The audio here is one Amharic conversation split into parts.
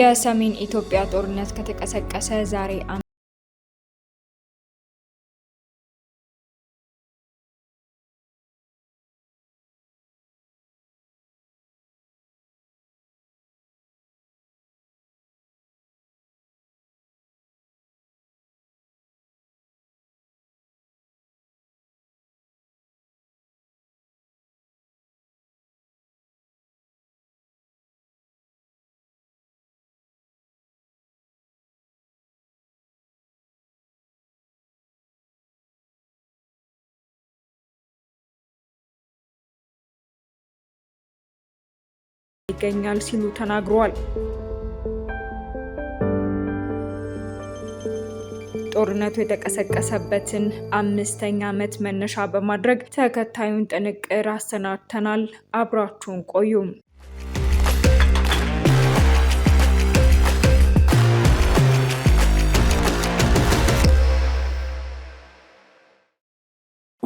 የሰሜን ኢትዮጵያ ጦርነት ከተቀሰቀሰ ዛሬ ይገኛል ሲሉ ተናግረዋል። ጦርነቱ የተቀሰቀሰበትን አምስተኛ ዓመት መነሻ በማድረግ ተከታዩን ጥንቅር አሰናድተናል። አብራችሁን ቆዩም።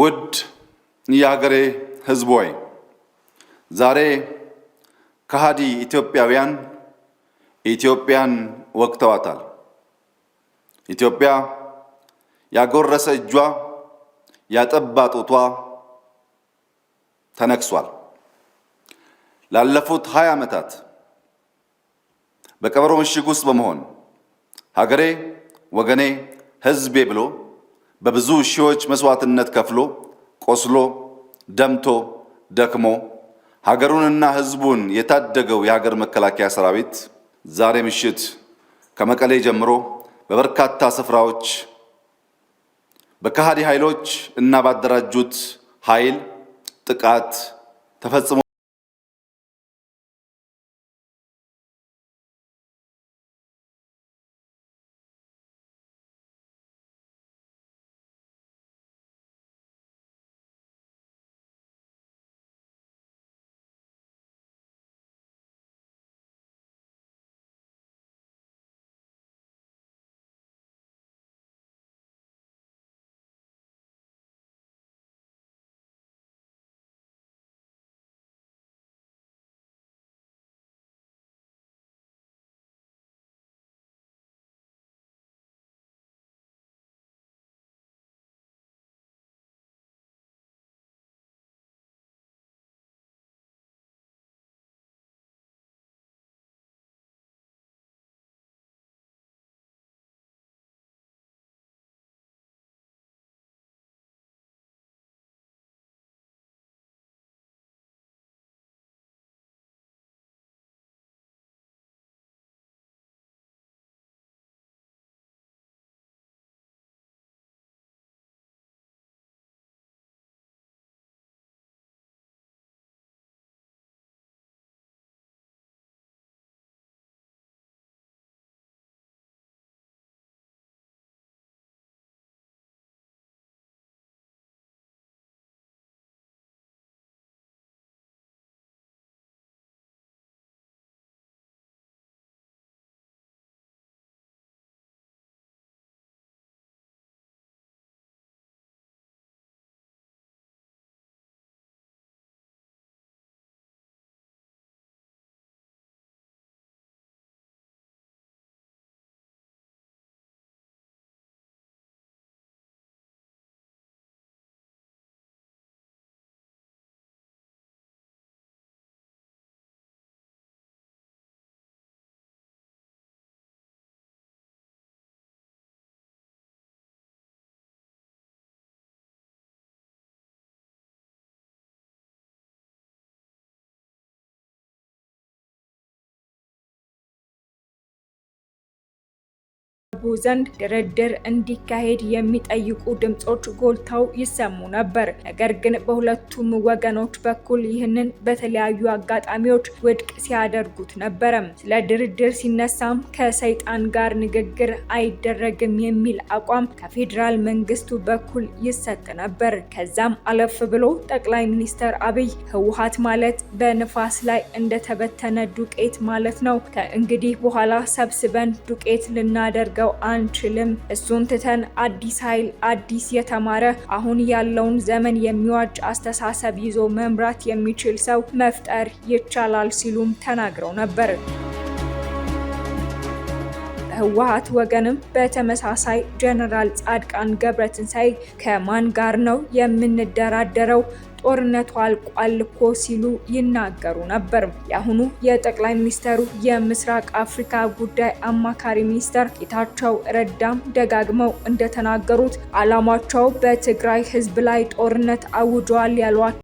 ውድ የሀገሬ ሕዝብ ሆይ ዛሬ ከሃዲ ኢትዮጵያውያን ኢትዮጵያን ወቅተዋታል። ኢትዮጵያ ያጎረሰ እጇ ያጠባ ጡቷ ተነክሷል። ላለፉት ሀያ ዓመታት በቀበሮ ምሽግ ውስጥ በመሆን ሀገሬ፣ ወገኔ፣ ህዝቤ ብሎ በብዙ ሺዎች መስዋዕትነት ከፍሎ ቆስሎ ደምቶ ደክሞ ሀገሩንና ሕዝቡን የታደገው የሀገር መከላከያ ሰራዊት ዛሬ ምሽት ከመቀሌ ጀምሮ በበርካታ ስፍራዎች በከሃዲ ኃይሎች እና ባደራጁት ኃይል ጥቃት ተፈጽሞ በህዝቡ ዘንድ ድርድር እንዲካሄድ የሚጠይቁ ድምጾች ጎልተው ይሰሙ ነበር። ነገር ግን በሁለቱም ወገኖች በኩል ይህንን በተለያዩ አጋጣሚዎች ውድቅ ሲያደርጉት ነበረ። ስለ ድርድር ሲነሳም ከሰይጣን ጋር ንግግር አይደረግም የሚል አቋም ከፌዴራል መንግስቱ በኩል ይሰጥ ነበር። ከዛም አለፍ ብሎ ጠቅላይ ሚኒስትር አብይ ህወሓት ማለት በንፋስ ላይ እንደተበተነ ዱቄት ማለት ነው፣ ከእንግዲህ በኋላ ሰብስበን ዱቄት ልናደርገው አንችልም። እሱን ትተን አዲስ ኃይል፣ አዲስ የተማረ አሁን ያለውን ዘመን የሚዋጅ አስተሳሰብ ይዞ መምራት የሚችል ሰው መፍጠር ይቻላል ሲሉም ተናግረው ነበር። ህወሀት ወገንም በተመሳሳይ ጀነራል ጻድቃን ገብረትንሳኤ ከማን ጋር ነው የምንደራደረው? ጦርነቱ አልቋል እኮ ሲሉ ይናገሩ ነበር። የአሁኑ የጠቅላይ ሚኒስተሩ የምስራቅ አፍሪካ ጉዳይ አማካሪ ሚኒስተር ጌታቸው ረዳም ደጋግመው እንደተናገሩት አላማቸው በትግራይ ህዝብ ላይ ጦርነት አውጀዋል ያሏቸው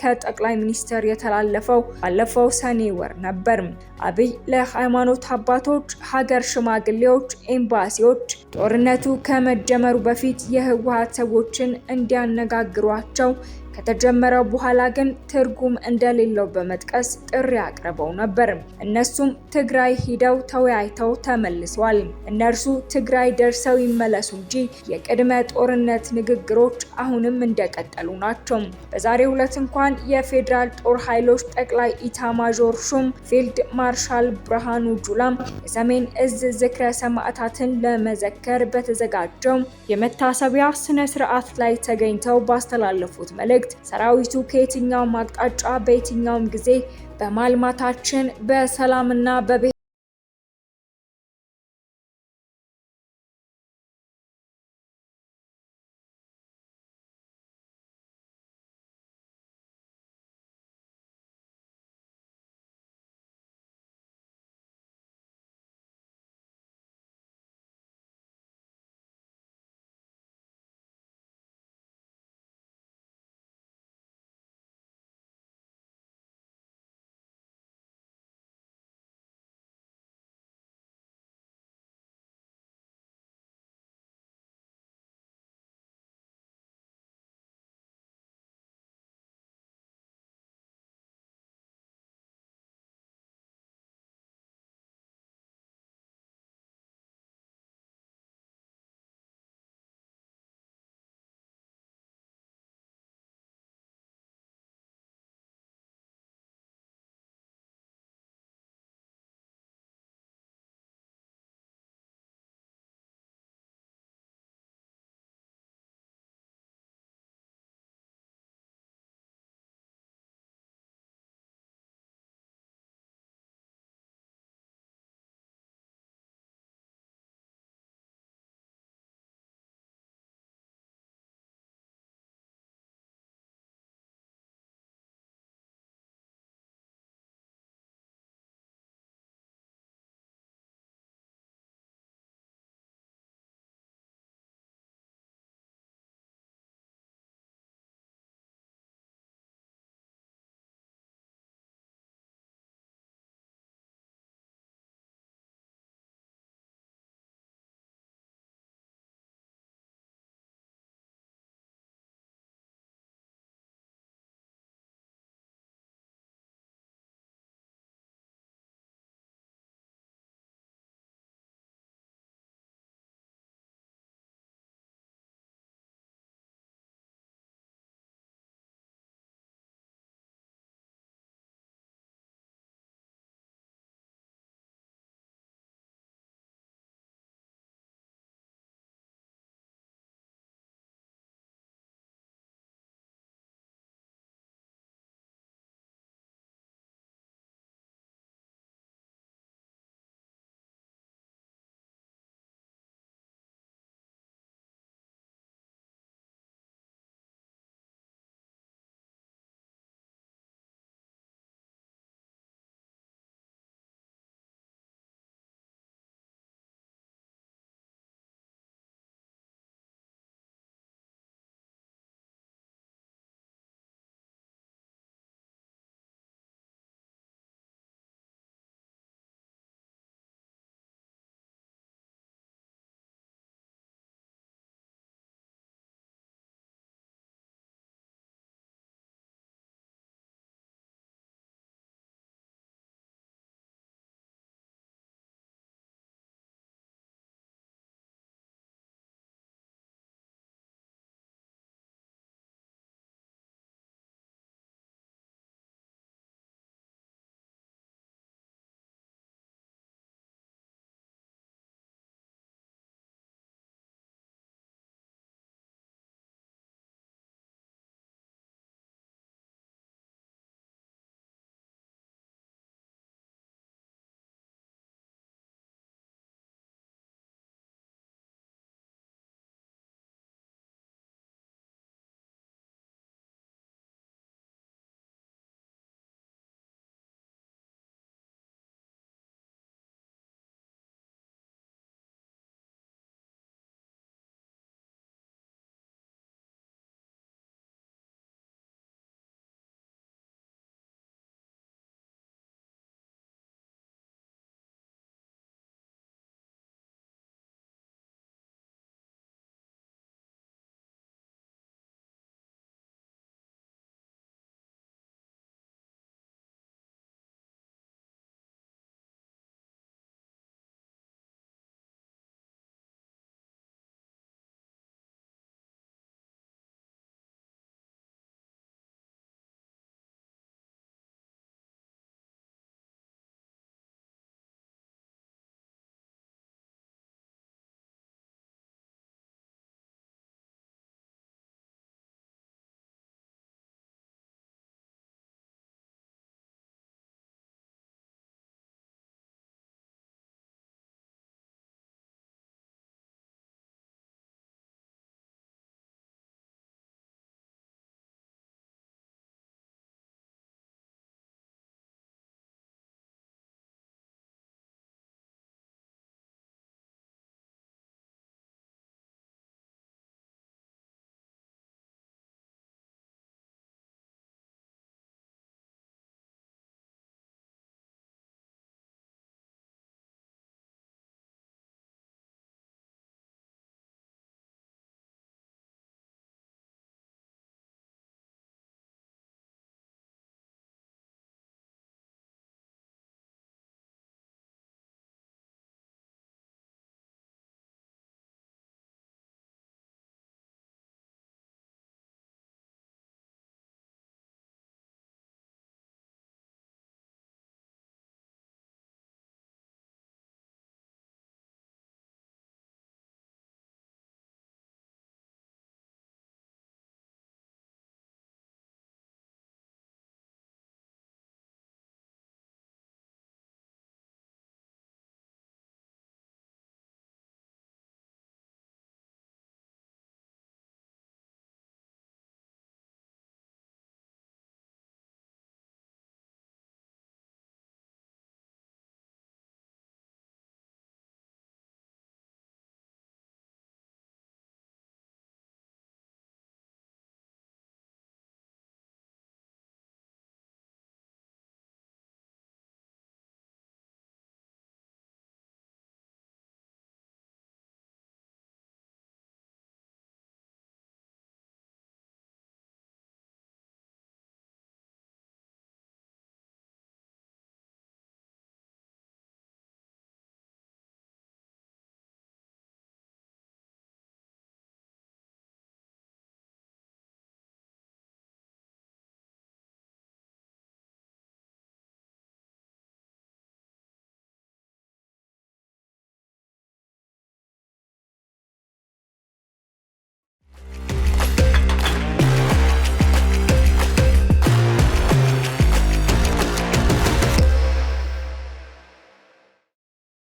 ከጠቅላይ ሚኒስትር የተላለፈው ባለፈው ሰኔ ወር ነበር። አብይ ለሃይማኖት አባቶች፣ ሀገር ሽማግሌዎች፣ ኤምባሲዎች ጦርነቱ ከመጀመሩ በፊት የህወሀት ሰዎችን እንዲያነጋግሯቸው ከተጀመረ በኋላ ግን ትርጉም እንደሌለው በመጥቀስ ጥሪ አቅርበው ነበር። እነሱም ትግራይ ሂደው ተወያይተው ተመልሰዋል። እነርሱ ትግራይ ደርሰው ይመለሱ እንጂ የቅድመ ጦርነት ንግግሮች አሁንም እንደቀጠሉ ናቸው። በዛሬ ሁለት እንኳን የፌዴራል ጦር ኃይሎች ጠቅላይ ኢታማዦር ሹም ፊልድ ማርሻል ብርሃኑ ጁላም የሰሜን እዝ ዝክረ ሰማዕታትን ለመዘከር በተዘጋጀው የመታሰቢያ ስነ ስርዓት ላይ ተገኝተው ባስተላለፉት መልእክት መልእክት ሰራዊቱ ከየትኛውም አቅጣጫ በየትኛውም ጊዜ በማልማታችን በሰላምና በብ